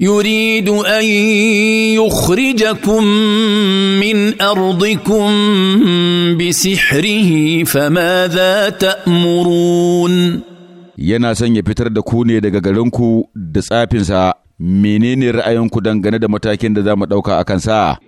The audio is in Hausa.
يريد ان يخرجكم من ارضكم بسحره فماذا تامرون yana son ya fitar da ku ne daga garinku da tsafinsa menene ra'ayinku dangane da matakin da za mu ɗauka a kansa